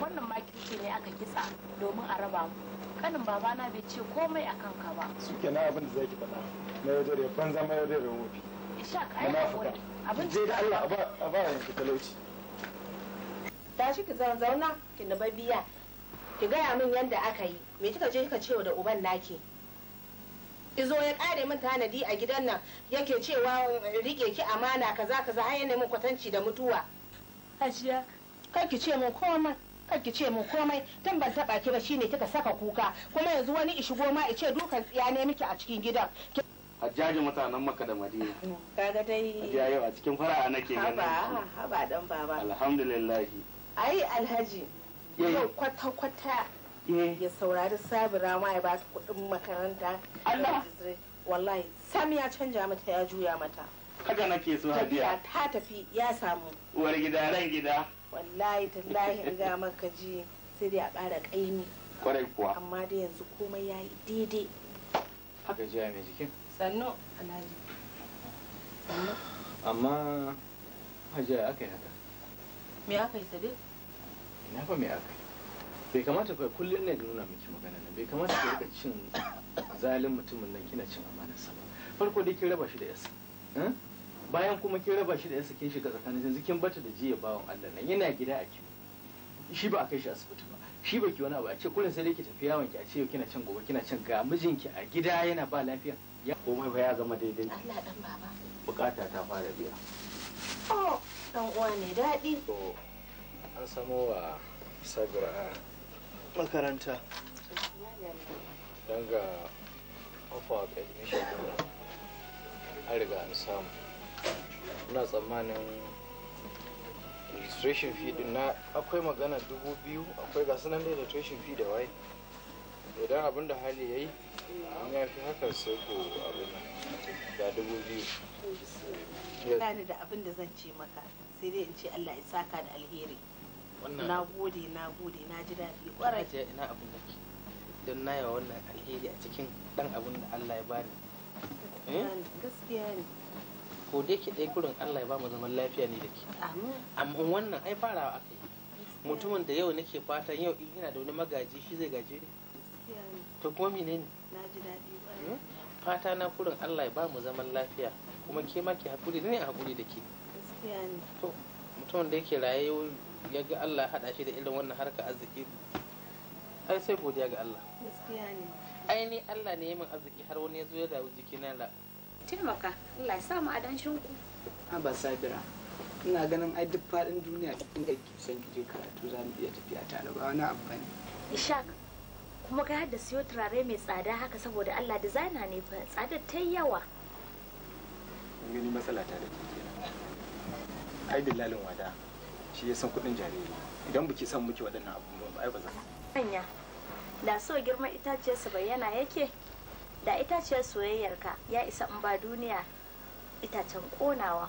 wannan makin makirci ne aka kitsa domin a raba mu kanin babana bai ce komai akan ka ba su ke na abin da zai ki faɗa na yaudar ya banza ma yaudar ya wofi ishaq ai hakuri abin je da Allah a ba yanki talauci tashi ki zauna ki nababiya ki gaya min yadda aka yi me kika je kika ce da uban naki izo ya kare min tanadi a gidan nan yake cewa rike ki amana kaza kaza har yana min kwatanci da mutuwa hajiya kar ki ce min komai kar ki ce min komai tun ban taba ki ba shine kika saka kuka kuma yanzu wani shigo ma ice dukan tsiya ne miki a cikin gidan hajjaji mutanen maka da madina kaga dai hajjaji yau a cikin fara'a nake ganin haba haba dan baba alhamdulillah ai alhaji yau kwata kwata Eh. ya saurari sabira ma ya ba ta kuɗin makaranta wallahi sam ya canja mata ya juya mata haka nake so hadiya ta tafi ya samu uwar gida ran gida wallahi tallahi in ga maka ji sai dai a ƙara ƙaimi kwarai kuwa amma dai yanzu komai ya yi daidai haka jiya mai jikin sannu alhaji sannu amma hajiya aka yi haka me aka yi dai ina fa me aka yi bai kamata fa kullum ina nuna miki magana nan bai kamata ka rika cin zalin mutumin nan kina cin amanar sa farko dai kin raba shi da yasa eh? bayan kuma kin raba shi da yasa kin shiga tsakanin yanzu kin bata da jiya bawon Allah nan yana gida a kin shi ba a kai shi asibiti ba shi ki wani abu a ce kullum sai dai ki tafi yawon ki a ce kina cin gobe kina cin ga mijinki a gida yana ba lafiya ya komai ba ya zama daidai Allah dan baba bukata ta fara biya oh dan uwa ne daɗi an samo wa sabira makaranta don ga offer of admission an riga an samu ina tsammanin registration fee din na akwai magana dubu biyu akwai ga sanan da registration fee da wai idan abin da hali ya yi an ya fi haka sai ko abin ga dubu biyu ba da abin da zan ce maka sai dai in ce allah ya saka da alheri na gode na gode na ji daɗi kwarai ina abin yake don na yawa wannan alheri a cikin ɗan abin da Allah ya bani eh? gaskiya ne ko dai ke ɗai kurin Allah ya ba zaman lafiya ne da ke amma wannan ai farawa aka yi mutumin da yau nake fatan yau in yana da wani magaji shi zai gaje ni to kuma mene ne na ji daɗi hmm? fata na kurin Allah ya ba mu zaman lafiya kuma ke ma ke hakuri ne a hakuri da ke to mutumin da yake rayuwa. ya ga Allah haɗa shi da irin wannan harka arziki ai sai godiya ga Allah gaskiya ne ai ni Allah ne ya arziki har wani ya zo ya dawo jiki na la taimaka Allah ya sa mu adanshin ku a ba sabira ina ganin ai duk faɗin duniya cikin ɗauki san kije karatu za mu iya tafiya tare ba wani abu ne ishak kuma ka yadda siyo turare mai tsada haka saboda Allah da zana ne fa tsada ta yawa gani matsala ta da ke ai dillalin wada shi ya san kudin jariri idan buki san muke waɗannan abubuwan ba ai ba za anya da so girman itaciyarsa bayyana yake da itaciyar soyayyarka ya isa in ba duniya itacen ƙonawa